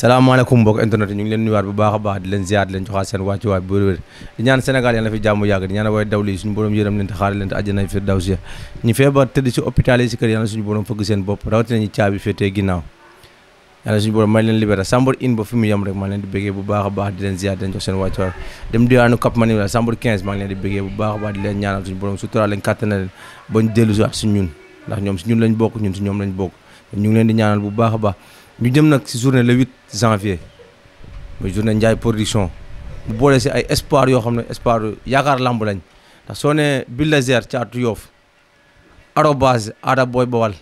salaamaaleykum mbokk internet ñu ngi leen nuyuwaat bu baax a baax di leen ziar di leen joxaat seen wàccuwaay bu wér-wér di ñaan Sénégal yàlla na fi jàmm yàgg di ñaan way daw suñu borom yërëm leen te xaar leen te àjjana firdawsi ñu feebar si hôpital yi si suñu leen libéré Sambour in ba leen di bu baax a baax leen ziar di a baax di ñun ndax ñoom si ñun lañ bokk ñun si ñoom lañ bokk ñu leen di ñaanal bu baax baax ñu jëm nag ci journée le 8 janvier muy journée Ndiaye production mu boole si ay espoir yoo xam ne espoir yaakaar lamb lañ ndax soo nee Bulldozer caatu Yoff arobase aada booy bawal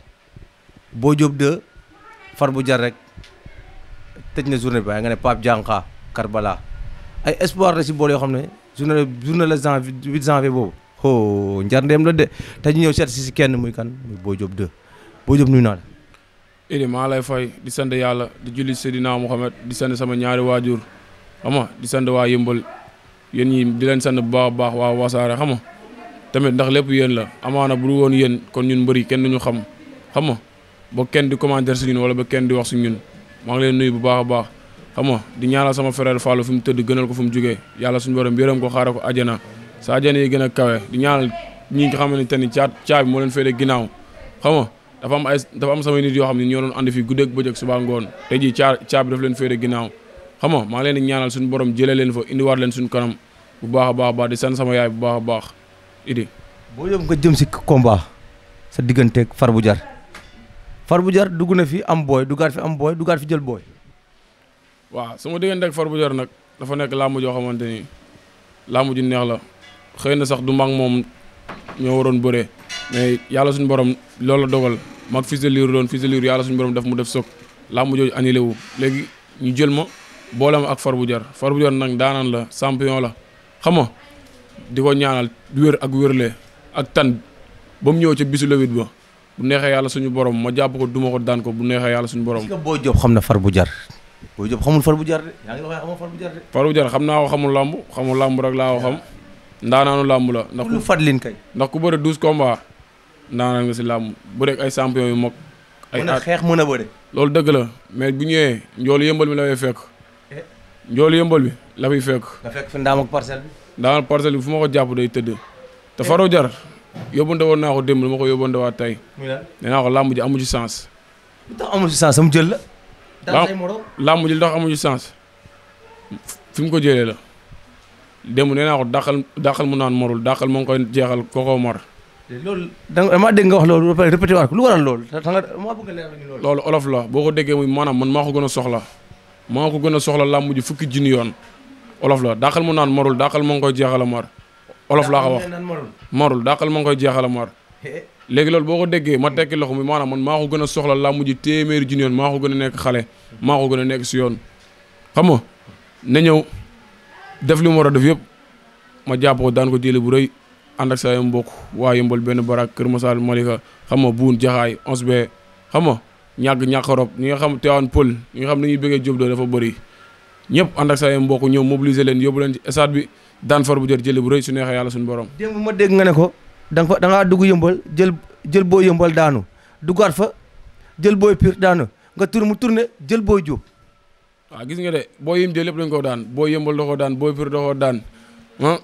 boo jóob de far bu jar rek tëj na journée bi waaye nga ne Pape kar Karbala ay espoir la ci boole yoo xam ne journée journée le janvier 8 janvier boobu oh njarndeem la de te ñu ñëw seet ci ci kenn muy kan muy boo jóob de boo jóob nuyu naa Idi maa lay fay di sant yàlla di julli Seydina Muhammad di sant sama ñaari waajur xam di sant waa yëmbal yéen yi di leen sant bu baax a baax waa wasaare xam nga tamit ndax lépp yéen la amaana bu woon yéen kon ñun mbëri kenn duñu xam xam nga ba kenn di commentaire si ñun wala ba kenn di wax si ñun maa ngi leen nuyu bu baax a baax xam nga di ñaanal sama frère Fallou fu mu tëdd gënal ko fu mu jógee yàlla suñu borom yërëm ko xaaral ko àjjana sa àjjana yi gën a kawe di ñaanal ñi nga xamante ni caa caa moo leen féete ginnaaw dafa am ay am samay nit yoo xam ne ñoo doon ànd fii guddeeg bëccëg suba ngoon tey jii caa caa bi daf leen féere ginnaaw xam nga maa leen di ñaanal suñu borom jëlee leen fa indiwaat leen suñu kanam bu baax a baax baax di sant sama yaay bu baax a baax idi boo yóbbu nga jëm si combat sa digganteeg far bu jar far bu jar dugg na fi am booy duggaat fi am booy duggaat fi jël booy waaw sama digganteeg far bu jar nag dafa nekk làmb joo xamante ni làmb ju neex la xëy na sax du mag moom ñoo waroon bëree mais yàlla suñu borom loolu la dogal mag Fils de Lirou doon Fils de Lirou yàlla suñu borom daf mu def soog làmb jooju annulé wu léegi ñu jël ma boole ma ak Far bu Jar Far bu Jar nag daanaan la champion la xam nga di ko ñaanal wér ak wérle ak tan ba mu ñëw ca bisu lewit bu neexee yàlla suñu borom ma jàpp ko duma ko daan ko bu neexee yàlla suñu borom. est-ce xam na Far bu Jar. Boy Diop xamul Far bu Jar de xam naa ko xamul làmb xamul làmb rek laa ko xam ndaanaanu làmb la. ndax ku lu fadlin kay. ndax ku bëre douze combats. naanaan nga si làmb bu rek ay champion yu mag. ay at xeex mën a bëre. loolu dëgg la mais bu ñëwee njoolu yëmbal bi la fay fekk. Eh? njoolu yëmbal bi la fay fekk. nga fekk fi ndaam bi. fu ma ko jàpp day tëdd. te faroo jar yóbbante woon naa ko démb ma ko yóbbante waa tey. nee naa ko làmb ji amu ci sens. lu tax amu jël la. làmb ji lu tax amu ci sens ko jëlee la. démb nee naa ko dàqal dàqal mu naan morul dàqal moo ngi koy jeexal kookoo mar. loolu dama dégg nga wax loolu ba pare répété waat ko lu waral loolu tax nga maa bëgg a leer ñu loolu. olof la boo ko déggee muy maanaam man maa ko gën a soxla maa ko gën a soxla làmb ji fukki junni yoon olof la daaxal mu naan marul daaxal ma ngi koy jeexal a mar olof laa ko wax marul daaxal ma ngi koy jeexal a léegi loolu boo ko déggee ma tekki loxo mi maanaam man maa ko gën a soxla làmb ji téeméeri junni yoon maa ko gën a nekk xale maa ko gën a nekk si yoon xam nga na ñëw def li mu war a def yëpp ma jàpp ko daan ko jëlee bu rëy ànd ak say mbokk waa Yëmbal benn barak Kër Masal Malika xam nga buun jaxaay onze be xam nga ñàgg ñàkkarob ñi nga xam teewaan pël ñi nga xam nañuy bëggee Jóob Dóor dafa bëri ñëpp ànd ak say mbokk ñëw mobiliser leen yóbbu leen ci stade bi daan far bu jot jëli bu rëy su neexee yàlla suñu borom démb ma dégg nga ne ko da fa da ngaa dugg yëmbal jël jël boo yëmbal daanu duggaat fa jël booy piir daanu nga tur mu tur ne jël boo Jóob waaw gis nga de boo yim jël lañ ko daan boo yëmbal daan booy piir da ah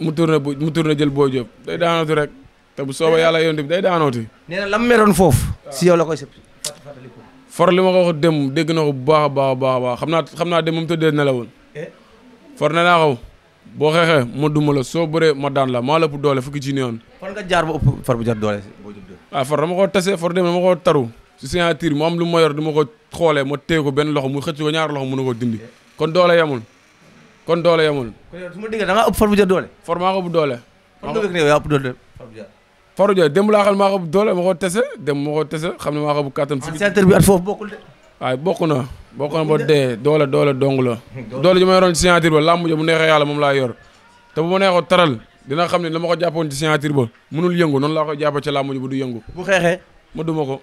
mu tourné mu tourné jël boo Diop day daanooti rek te bu soobee yàlla yonent bi day daanooti. nee na la mu foofu. si yow la koy sëpp for li ma ko dem dégg na ko bu baax a baax baax xam naa xam naa dem moom tëddee ne la woon. Eh? for ne naa ko boo xeexee ma duma la soo bëree ma daan la maa la ëpp doole fukki ci ne woon. fan far bu jar doole waaw ah, for dama ko tasee for dem dama koo taru. si signature mu am lu ma duma ko xoolee ma téye ko benn loxo mu xëcc ko ñaar loxo mënu ko dindi eh? kon doole yamul. kon doole yamul. su ma déggee maa ko ëpp doole. for bu jot laa xam maa ko bu doole ma ko tese démb ma ko tese xam ne maa ko bu kattan. si centre bi at foofu bokkul de. waaw bokk na bokk na ba dee doole doole dong la. doole ji yoroon ci signature ba làmb ja bu neexee yàlla moom laa yor te bu ma neexoo taral dina xam ne la ma ko jàppoon ci signature ba mënul yëngu noonu laa koy jàppee ci làmb ji ba du yëngu. bu xeexee. ma duma ko.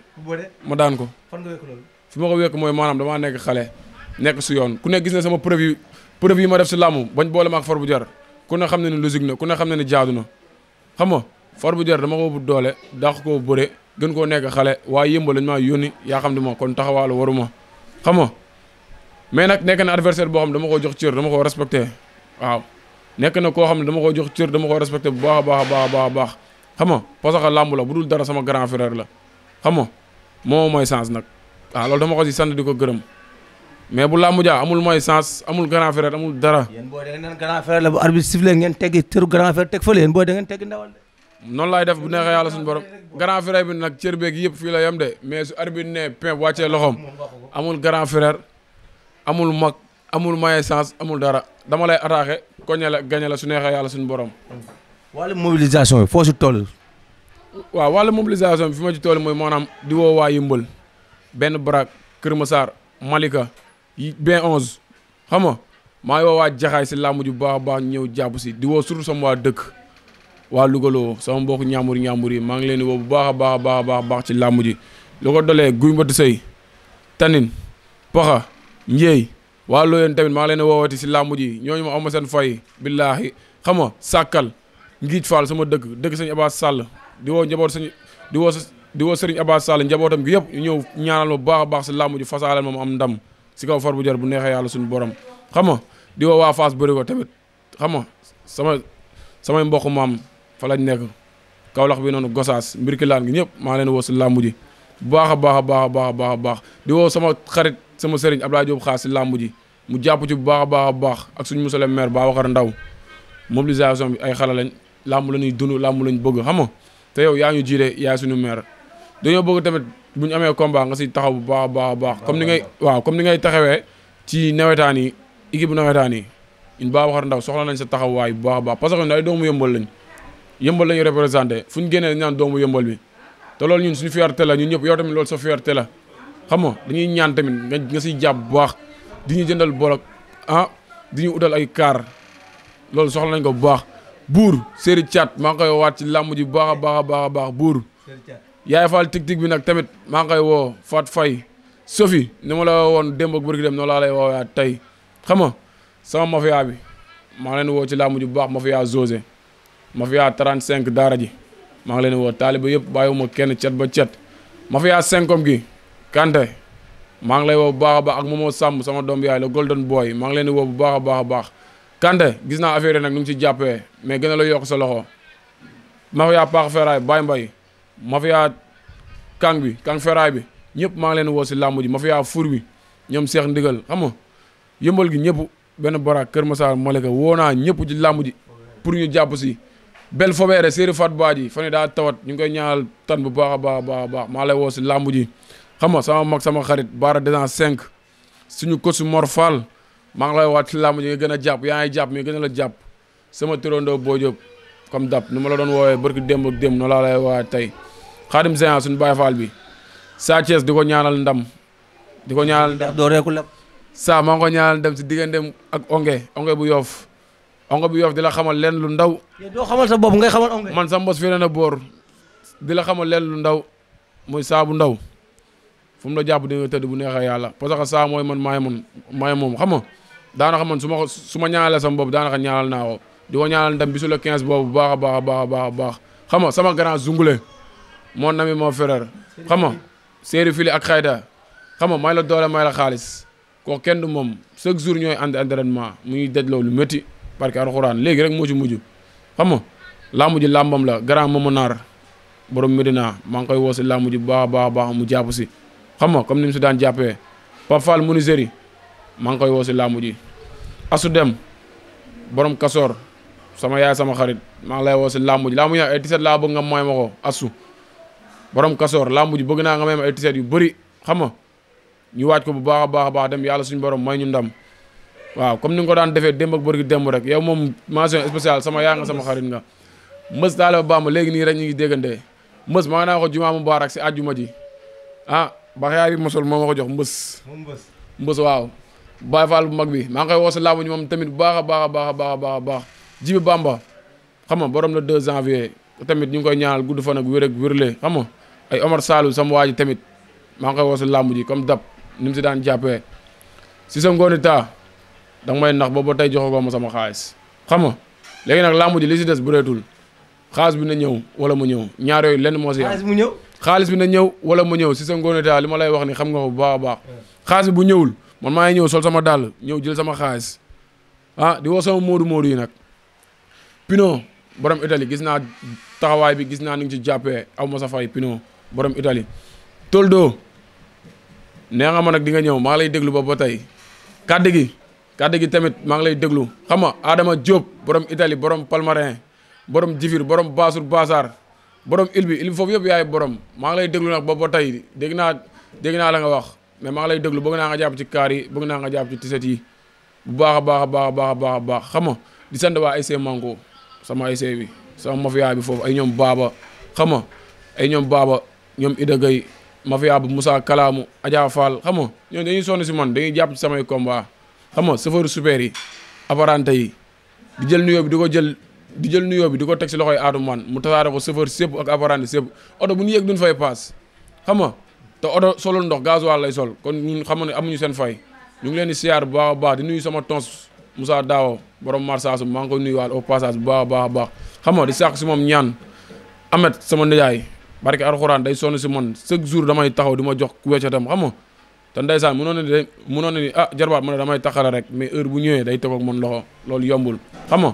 ma daan ko. fan nga wekk loolu. fi ma ko wekk mooy maanaam damaa preuve yi ma def si làmb bañ boole ma ak for bu jar ku ne xam ne ne logique na ku ne xam ne ne jaadu na xam nga for bu jar dama ko bu doole dàq koo bëre gën koo nekk xale waaye yëmbal lañ maa yónni yaa xam ne ma kon taxawaalu waru ma xam nga mais nag nekk na adversaire boo xam ne dama koo jox cër dama koo respecté waaw nekk na koo xam ne dama koo jox cër dama koo respecté bu baax a baax a baax a baax xam nga parce la bu dul dara sama grand frère la xam nga moo mooy chance nag waaw dama ko si di ko gërëm mais bu làmb ja amul mooy sens amul grand frère amul dara. yéen booy da ngeen grand frère la bu arbitre sifflé ngeen teggi tëru grand frère teg fële yéen booy da ngeen teggi ndawal de. noonu laay def bu neexee yàlla suñu borom grand frère bi nag la yem de mais su arbitre ne pimp wàccee loxoom amul grand frère amul mag amul mooy sens amul dara dama lay attaqué koñe la gañe la su neexee yàlla suñu borom. wàllu mobilisation bi foo si toll. waaw wàllu mobilisation bi fi ma ci toll mooy maanaam di woo waa Yëmbël benn Baraak Kër Massar Malika. B11 xam nga maa ngi woo waa jaxaay si làmb ju baax a baax ñëw jàpp si di woo surtout sama waa dëkk waa Lougaloo sama mbokk ñaamur ñaamur yi maa ngi leen di woo bu baax a baax a baax baax ci làmb ji lu ko dolee guy mbati sëy tanin paxa njéey waa looyeen tamit maa ngi leen di si làmb ji ñooñu ma ama seen fay billaahi xam nga sàkkal ngiij faal sama dëkk dëkk sëñ Abbas Sall di woo njaboot sëñ di woo di woo sëriñ Abbas Sall njabootam gi yëpp ñu ñëw ñaanal ma baax a baax ji fasaalal ma am ndam si kaw far bu jar bu neexee yàlla suñu borom xam nga di woo waa Fass bëri ko tamit xam nga sama samay mbokk maam fa lañ nekk Kaolack bi noonu Gosaas mbir ki laan gi ñëpp maa leen woo si làmb ji bu baax a baax a baax a baax a baax di woo sama xarit sama sëriñ Abdoulaye Diop xaas si làmb ji mu jàpp ci bu baax a baax a baax ak suñu monsieur le maire Babacar Ndaw mobilisation bi ay xale lañ làmb la ñuy dund làmb lañ bëgg xam nga te yow yaa ñu jiite yaay suñu maire dañoo bëgg tamit bu ñu amee combat nga si taxaw bu baax baax a baax comme ni ngay ah, waaw comme ni ngay taxawee ci nawetaan yi équipe nawetaan yi ñun baa waxar ndaw soxla nañ sa taxawaay bu baax a baax parce que ñun ay doomu yëmbal lañ yëmbal lañu représenté fu ñu ñaan doomu yëmbal bi te loolu ñun suñu fierté la ñun ñëpp yow tamit loolu sa fierté la xam nga dañuy ñaan tamit nga nga siy jàpp bu baax di jëndal bolok ah di ñu ay kaar loolu soxla nañ ko bu baax buur séeri caat maa ngi koy waat ci làmb ji bu baax a baax a baax buur yaay faal tig-tig bi nag tamit maa ngi koy woo Fat Faye Sophie nu ma la woon démb ak bërki dem noonu laa lay woowaat tey xam nga sama mafia bi maa ngi leen woo ci laa ji bu baax mafia José mafia 35 daara ji maa ngi leen woo taaliba yëpp bàyyiwuma kenn cet ba cet mafia cinkom gi Kanté maa ngi lay woo bu baax a baax ak Momo Samb sama doom yaay la golden boy maa ngi leen woo bu baax baax baax Kanté gis naa affaire nag nu ngi ci jàppee mais gën a la yokk sa loxo mafia Paax mafia kang bi kang feraay bi ñëpp maa ngi leen woo si làmb ji mafia fur bi ñoom seex ndigal xam nga gi ñëpp benn baraak Kër Masaar Malika woo naa ñëpp ci làmb ji pour ñu jàpp si bel fobeere séeri fat baa ji fa ne daa tawat ñu ngi koy ñaanal tan bu baax a baax baax baax maa lay woo si làmb ji xam nga sama mag sama xarit baara desan cinq suñu coach Mor Fall maa ngi lay waat si làmb ji nga gën a jàpp yaa jàpp mais gën a la jàpp sama turandoo boo comme dab nu ma la doon woowee barki démb ak démb noonu laa lay woowee tey xaadim séance suñu Baye Fall bi Sa Thiès di ko ñaanal ndam di ko ñaanal ndam doo reeku lépp saa maa ngi ko ñaanal ndam si digganteem ak onge onge bu yoof onge bu yoof di la xamal leen lu ndaw doo sa bopp ngay xamal onge man sa mbos a boor la xamal leen lu ndaw muy saa bu ndaw fu mu la jàpp di nga neexee yàlla parce que saa mooy man maay man maay moom xam nga daanaka su ma su ma ñaanalee sama bopp daanaka ñaanal naa ko di ko ñaanal ndam bi su la 15 boobu baax a baax a baax a baax a baax xam nga sama grand zungule moo ami moo frère xam nga séeri fili ak xayda xam nga may la doole may la xaalis koo kenn moom chaque jour ñooy ànd entraînement muy daj loolu métti parce que alxuraan léegi rek mu ci mujj xam nga làmb ji làmbam la grand moomu naar borom Medina maa ngi koy woo si làmb ji baax a baax baax mu jàpp si xam nga comme ni mu si daan jàppee Pape Fall menuiserie maa ngi koy woo si làmb ji asu dem borom kasoor sama yaay sama xarit maa ngi lay woo si làmb ji làmb ji ay tiset laa bëgg nga mooy ma ko assu borom kasoor làmb ji bëgg naa nga may ma ay tiset yu bëri xam nga ñu waaj ko bu baax a baax a baax dem yàlla suñu borom may ñu ndam waaw comme ni nga ko daan defee démb ak bëri démb rek yow moom mention spéciale sama yaa sama xarit nga mbës daale ba baax léegi nii rek ñu ngi déggante mbës maa nga naa ko jumaa mubaarak si àjjuma ji ah baxyaar bi mosul moo ma ko jox mbës mbës waaw Baay Faal mag bi maa ngi koy woo si làmb ji moom tamit bu baax a baax a baax a baax Jibi Bamba xam nga borom la 2 janvier tamit ñu ngi koy ñaanal gudd fan ak wér ak wérle xam nga ay omor Saalu sama waa ji tamit maa ngi koy woo si làmb ji comme dab ni mu si daan jàppee si sa ngooni taa da nga may nax ba ba tey joxagoo ma sama xaalis xam nga léegi nag làmb ji li si des bëreetul xaalis bi na ñëw wala mu ñëw ñaar yooyu lenn moo si am. mu ñëw xaalis bi na ñëw wala mu ñëw si sa ngooni taa li ma lay wax ni xam nga ko baa baax a bu ñëwul man maa ngi ñëw sol sama dàll ñëw jël sama xaalis ah di woo sama moodu moodu yi nag Pino borom Italie gis naa taxawaay bi gis naa ni nga ci jàppee aw ma sa boroom Pino borom Italie ma nag di nga ñëw maa ngi lay déglu ba ba tey kàddu gi kàddu gi tamit maa ngi lay déglu xam nga Adama Diop borom Italie borom Palmarin borom Jifir borom Baasur Baasaar borom il bi il foofu yëpp yaay borom maa ngi lay déglu nag ba ba tey dégg naa dégg naa la nga wax mais maa ngi lay déglu bëgg naa nga jàpp ci kaari yi bëgg naa nga jàpp ci tiset yi bu baax di sant waa ASC sama ASC bi sama mafia bi foofu ay ñoom baaba xam nga ay ñoom baaba ñoom Ida Gueye mafia bu Moussa Kalamu ajaa Fall xam nga ñoom dañuy sonn si man dañuy jàpp samay combat xam nga chauffeur super yi apparenté yi di jël nuyoo bi di ko jël di jël nuyoo bi di ko teg si loxo aatu man mu tasaare ko chauffeur sëpp ak apparenté sëpp oto bu ñu yëg duñ fay paas xam te oto solul ndox gasoil lay sol kon ñun xam ne amuñu seen fay ñu ngi leen di siyaar baax baax di nuyu sama tons Moussa Daawo borom marsaasu maa koy nuyuwaal au passage bu baax a baax a baax xam nga di sàq si moom ñaan amet sama nijaay barke alxuraan day sonn si man chaque jour damay taxaw di ma jox weccatam xam nga te ndeysaan mënoon na ni mënoon na ni ah jarbaat ma a damay taxara rek mais heure bu ñëwee day tegoog man loxo loolu yombul xam nga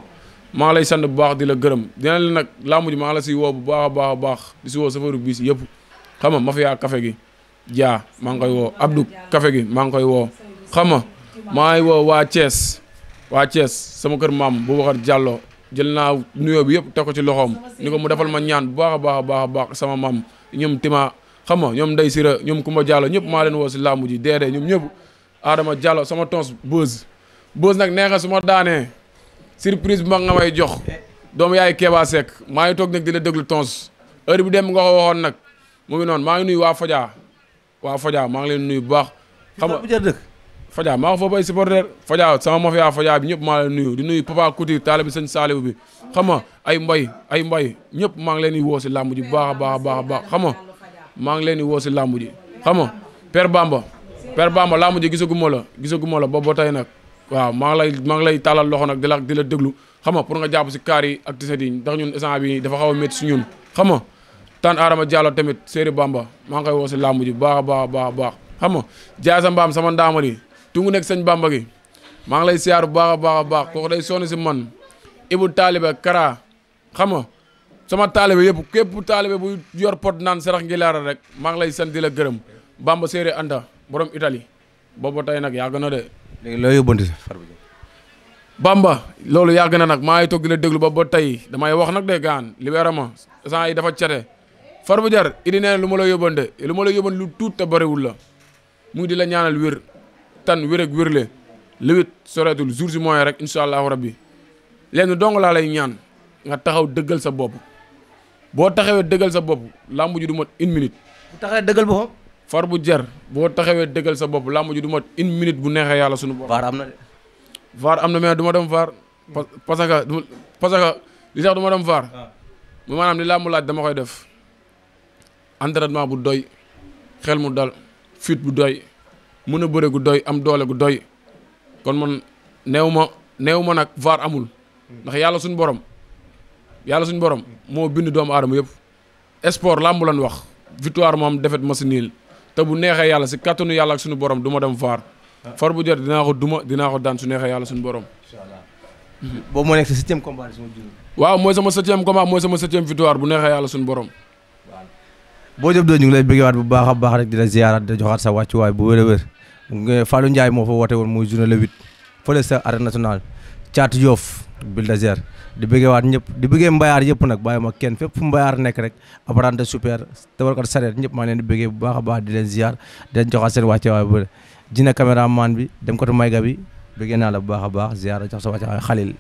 maa ngi lay sant bu baax di la gërëm dina la nag làmb maa la si woo bu baax a baax a baax di si woo safaru bis yëpp xam nga mafia gi jaa maa ngi koy woo Abdou café gi maa ngi koy woo xam waa Thiès sama kër maam Boubacar Diallo jël naa nuyoo bi yëpp teg ko ci loxoom ni ko mu defal ma ñaan bu baax a baax a baax a baax sama maam ñoom Tima xam nga ñoom Ndeye Sira ñoom Kumba Diallo ñëpp maa leen woo si làmb ji deedee ñoom ñëpp Adama Diallo sama tons Boz Boz nag neexa su ma daanee surprise bi ma nga may jox doomu yaay Keba Seck maa ngi toog nag di la déglu tons bu bi dem nga ko waxoon nag mu ngi noonu maa ngi nuy waa Fodja waa Fodja maa ngi leen nuyu bu baax xam nga Fadia maa ko foofu ay supporter Fadia sama mafia Fadia bi ñëpp maa leen nuyu di nuyu Papa Couture taalibi sëñ Saliou bi xam nga ay mbay ay mbay ñëpp maa ngi leen di woo si làmb ji baax a baax a baax a baax xam maa ngi leen di woo si làmb ji xam nga Père Bamba Père Bamba làmb ji gisaguma la gisaguma la ba ba tey nag waaw maa lay maa ngi lay tàllal loxo nag di la di la déglu xam nga pour nga jàpp si kaar yi ak tiset yi ndax ñun instant bi dafa xaw a métti si ñun xam nga tan Adama Diallo tamit Séeri Bamba maa nga koy woo si làmb ji baax a baax a baax a baax jaay sa mbaam sama ndaamali tungu nekk sëñ bàmba gi maa ngi lay siyaar bu baax a baax a baax kooku day sonn si man ibu taalibe kara xam nga sama taalibe yëpp képp taalibe bu yor pot naan sarax ngi laara rek maa ngi lay sant di la gërëm Bamba séeré boroom borom Italie boobu tey nag yàgg na de. léegi loo yóbbante far Bamba loolu yàgg na nag maa ngi toog di la déglu ba ba tey damay wax nag de gaan libéré ma sant yi dafa cete far bu jar idi nee lu ma la yóbbante lu ma la yóbbante lu tuut te bëriwul la mu ngi di la ñaanal wér tan wér ak wérle léwit soreetul jour si moyen rek incha allahu rabbi lenn dong laa lay ñaan nga taxaw dëggal sa bopp boo taxawee dëggal sa bopp làmb ji du mat une minute. bu taxawee dëggal boppam. bu jar boo taxawee dëggal sa bopp làmb ji du mat une bu neexee yàlla sunu bopp. vaar am na de. vaar am na mais du ma dem vaar. parce que du parce que li tax du ma dem vaar. Ah. mu maanaam li làmb laaj dama koy def entraînement bu doy xel mu dal fit bu doy. mën a bëre gu doy am doole gu doy kon man neew ma neew ma nag vaar amul ndax yàlla suñu borom yàlla suñu borom moo bind doomu aadama yëpp sport làmb lan wax victoire moom defet ma si niil te bu neexee yàlla si kàttanu yàlla ak suñu borom du ma dem vaar far bu jot dinaa ko duma dinaa ko daan su neexee yàlla suñu borom. boobu moo nekk sa septième combat su ma waaw mooy sama septième combat mooy sama septième victoire bu neexee yàlla suñu borom. Boy Diop 2 ñu ngi lay bëggewaat bu baax baax rek di la ziyaaraat di la joxaat sa wàccuwaay bu wér a wér. Fallou Ndiaye moo fa woote woon muy journée le huit fële sa arène nationale Thiatou Yoff Bulldozer di bëggee ñëpp di bëggee mbayaar yëpp nag bàyyi ma kenn fépp fu mbayaar nekk rek apprenti super tabarkat sareet ñëpp maa leen di bëggee bu baax a baax di leen ziar di leen joxaat seen wàcce waay bu dina caméraman bi dem ko tu mayga bi bëggee naa la bu baax a baax ziar jox sa wàcce waay xalil